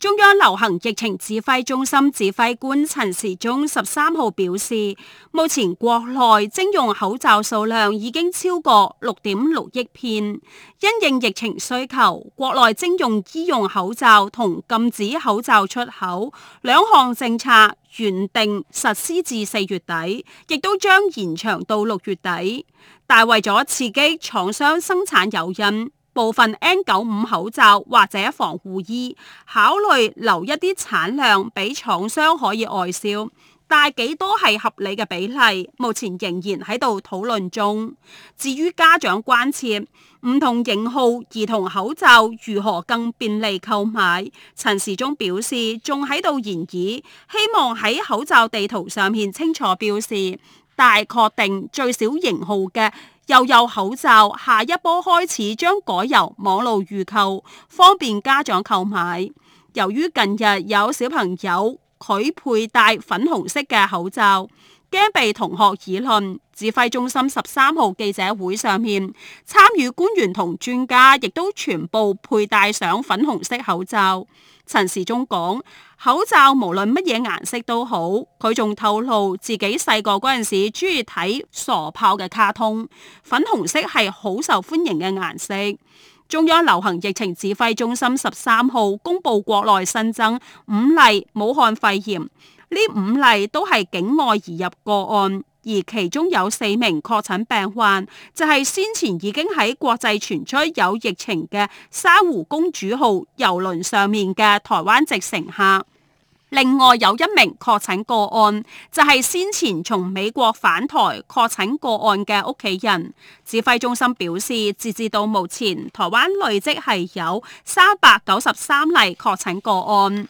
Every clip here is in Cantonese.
中央流行疫情指揮中心指揮官陳時中十三號表示，目前國內徵用口罩數量已經超過六點六億片。因應疫情需求，國內徵用醫用口罩同禁止口罩出口兩項政策原定實施至四月底，亦都將延長到六月底。但為咗刺激廠商生產，誘因。部分 N 九五口罩或者防護衣，考慮留一啲產量俾廠商可以外銷，但係幾多係合理嘅比例，目前仍然喺度討論中。至於家長關切，唔同型號兒童口罩如何更便利購買，陳時中表示仲喺度研議，希望喺口罩地圖上面清楚表示，但係確定最小型號嘅。又有口罩，下一波開始將改由網絡預購，方便家長購買。由於近日有小朋友佢佩戴粉紅色嘅口罩。驚被同學議論，指揮中心十三號記者會上面，參與官員同專家亦都全部佩戴上粉紅色口罩。陳時中講：口罩無論乜嘢顏色都好。佢仲透露自己細個嗰陣時，中意睇傻炮嘅卡通，粉紅色係好受歡迎嘅顏色。中央流行疫情指揮中心十三號公布國內新增五例武漢肺炎。呢五例都係境外移入個案，而其中有四名確診病患就係先前已經喺國際傳出有疫情嘅珊瑚公主號郵輪上面嘅台灣籍乘客。另外有一名確診個案就係先前從美國返台確診個案嘅屋企人。指揮中心表示，截至到目前，台灣累積係有三百九十三例確診個案。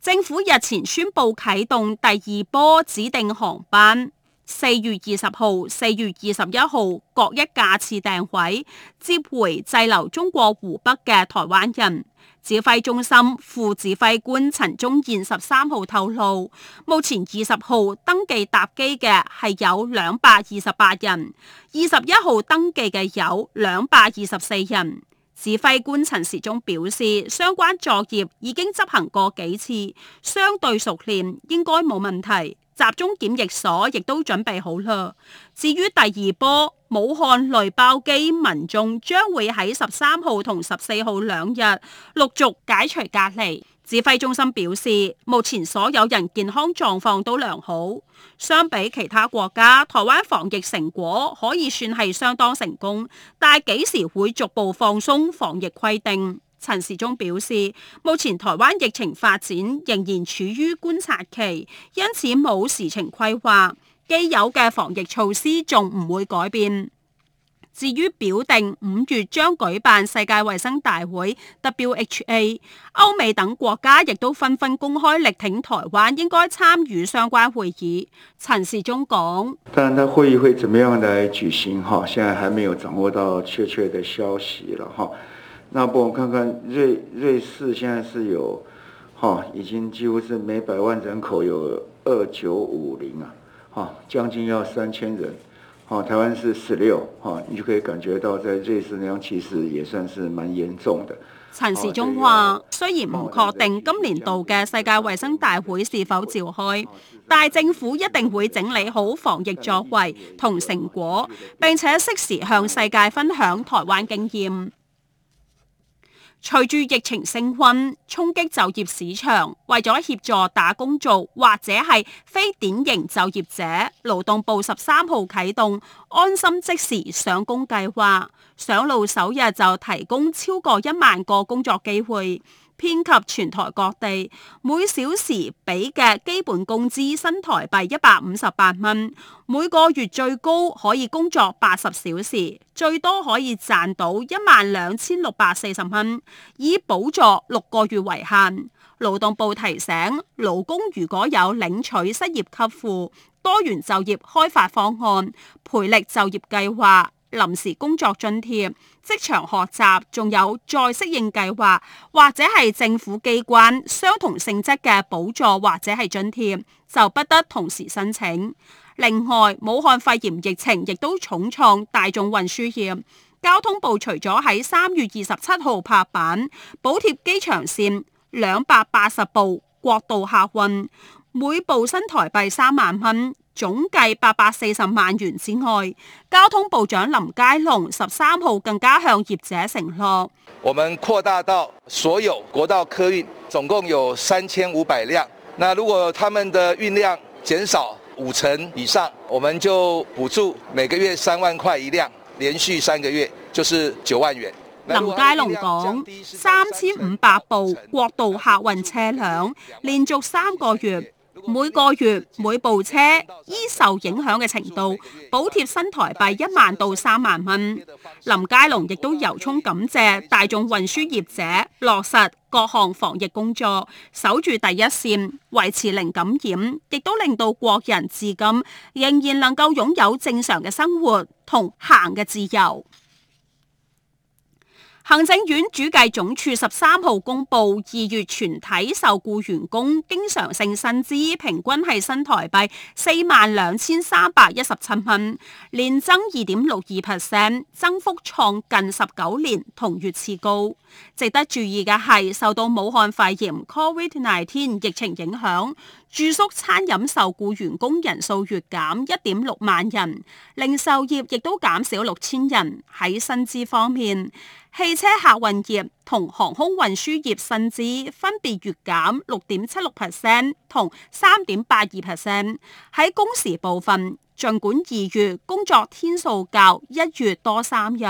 政府日前宣布啟動第二波指定航班，四月二十號、四月二十一號各一架次訂位，接回滯留中國湖北嘅台灣人。指揮中心副指揮官陳宗彥十三號透露，目前二十號登記搭機嘅係有兩百二十八人，二十一號登記嘅有兩百二十四人。指揮官陳時中表示，相關作業已經執行過幾次，相對熟練，應該冇問題。集中檢疫所亦都準備好啦。至於第二波武漢類包機民眾，將會喺十三號同十四號兩日陸續解除隔離。指揮中心表示，目前所有人健康狀況都良好。相比其他國家，台灣防疫成果可以算係相當成功。但係幾時會逐步放鬆防疫規定？陳時中表示，目前台灣疫情發展仍然處於觀察期，因此冇時程規劃，既有嘅防疫措施仲唔會改變。至於表定五月將舉辦世界衞生大會 （WHA），歐美等國家亦都紛紛公開力挺台灣應該參與相關會議。陳時中講：但係呢會議會點樣嚟舉行？哈，現在還沒有掌握到確切的消息啦。那不，我看看瑞瑞士，現在是有已經幾乎是每百萬人口有二九五零啊，哈，將近要三千人。台灣是十六，你就可以感覺到在瑞士嚟其實也算是蠻嚴重的。陳時中話：雖然唔確定今年度嘅世界衞生大會是否召開，但政府一定會整理好防疫作為同成果，並且適時向世界分享台灣經驗。隨住疫情升溫，衝擊就業市場，為咗協助打工族，或者係非典型就業者，勞動部十三號啟動安心即時上工計劃，上路首日就提供超過一萬個工作機會。遍及全台各地，每小時俾嘅基本工資新台幣一百五十八蚊，每個月最高可以工作八十小時，最多可以賺到一萬兩千六百四十蚊，以補助六個月為限。勞動部提醒，勞工如果有領取失業給付、多元就業開發方案、培力就業計劃。臨時工作津貼、職場學習，仲有再適應計劃，或者係政府機關相同性質嘅補助或者係津貼，就不得同時申請。另外，武漢肺炎疫情亦都重創大眾運輸業。交通部除咗喺三月二十七號拍板，補貼機場綫兩百八十部國道客運，每部新台幣三萬蚊。總計八百四十萬元之外，交通部長林佳龍十三號更加向業者承諾：我們擴大到所有國道客運，總共有三千五百輛。那如果他們的運量減少五成以上，我們就補助每個月三萬塊一輛，連續三個月就是九萬元。林佳龍講：三千五百部國道客運車輛連續三個月。每個月每部車依受影響嘅程度，補貼新台幣一萬到三萬蚊。林佳龍亦都由衷感謝大眾運輸業者，落實各項防疫工作，守住第一線，維持零感染，亦都令到國人至今仍然能夠擁有正常嘅生活同行嘅自由。行政院主計總署十三號公布二月全體受僱員工經常性薪資平均係新台幣四萬兩千三百一十七蚊，年增二點六二 percent，增幅創近十九年同月次高。值得注意嘅係，受到武漢肺炎 （COVID-19） 疫情影響。住宿、餐飲受僱員工人數月減一點六萬人，零售業亦都減少六千人。喺薪資方面，汽車客運業同航空運輸業薪資分別月減六點七六 percent 同三點八二 percent。喺工時部分，儘管二月工作天數較一月多三日，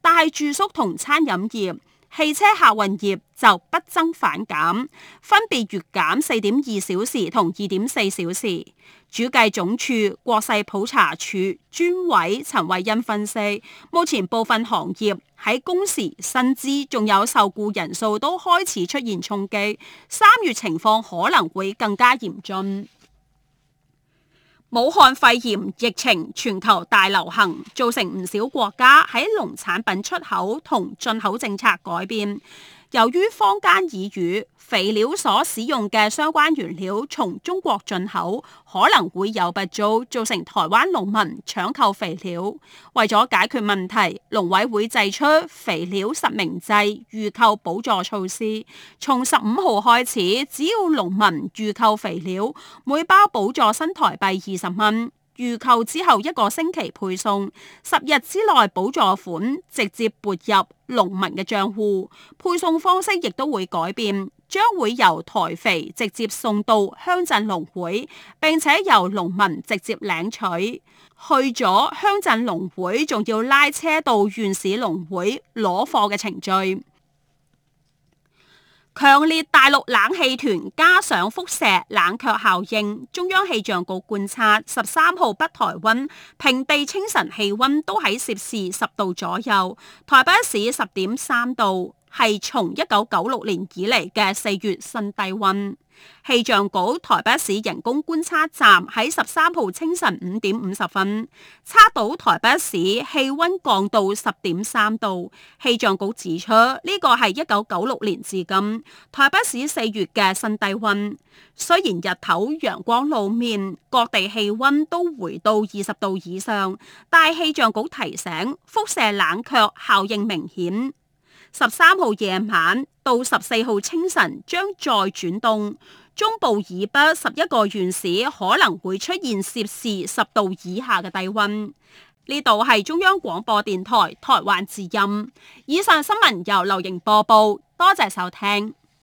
但係住宿同餐飲業。汽車客運業就不增反減，分別月減四點二小時同二點四小時。主計總處國勢普查處專委陳慧欣分析，目前部分行業喺工時、薪資仲有受僱人數都開始出現衝擊，三月情況可能會更加嚴峻。武漢肺炎疫情全球大流行，造成唔少國家喺農產品出口同進口政策改變。由於坊間耳語，肥料所使用嘅相關原料從中國進口可能會有不足，造成台灣農民搶購肥料。為咗解決問題，農委會製出肥料實名制預購補助措施，從十五號開始，只要農民預購肥料，每包補助新台幣二十蚊。預購之後一個星期配送，十日之內補助款直接撥入農民嘅賬戶，配送方式亦都會改變，將會由台肥直接送到鄉鎮農會，並且由農民直接領取。去咗鄉鎮農會仲要拉車到縣市農會攞貨嘅程序。強烈大陸冷氣團加上輻射冷卻效應，中央氣象局觀察十三號北台温平地清晨氣溫都喺攝氏十度左右，台北市十點三度係從一九九六年以嚟嘅四月新低溫。氣象局台北市人工觀測站喺十三號清晨五點五十分測到台北市氣溫降到十點三度。氣象局指出呢個係一九九六年至今台北市四月嘅新低温。雖然日頭陽光露面，各地氣溫都回到二十度以上，但氣象局提醒輻射冷卻效應明顯。十三號夜晚到十四號清晨將再轉凍，中部以北十一個縣市可能會出現攝氏十度以下嘅低溫。呢度係中央廣播電台台灣之音，以上新聞由劉瑩播報，多謝收聽。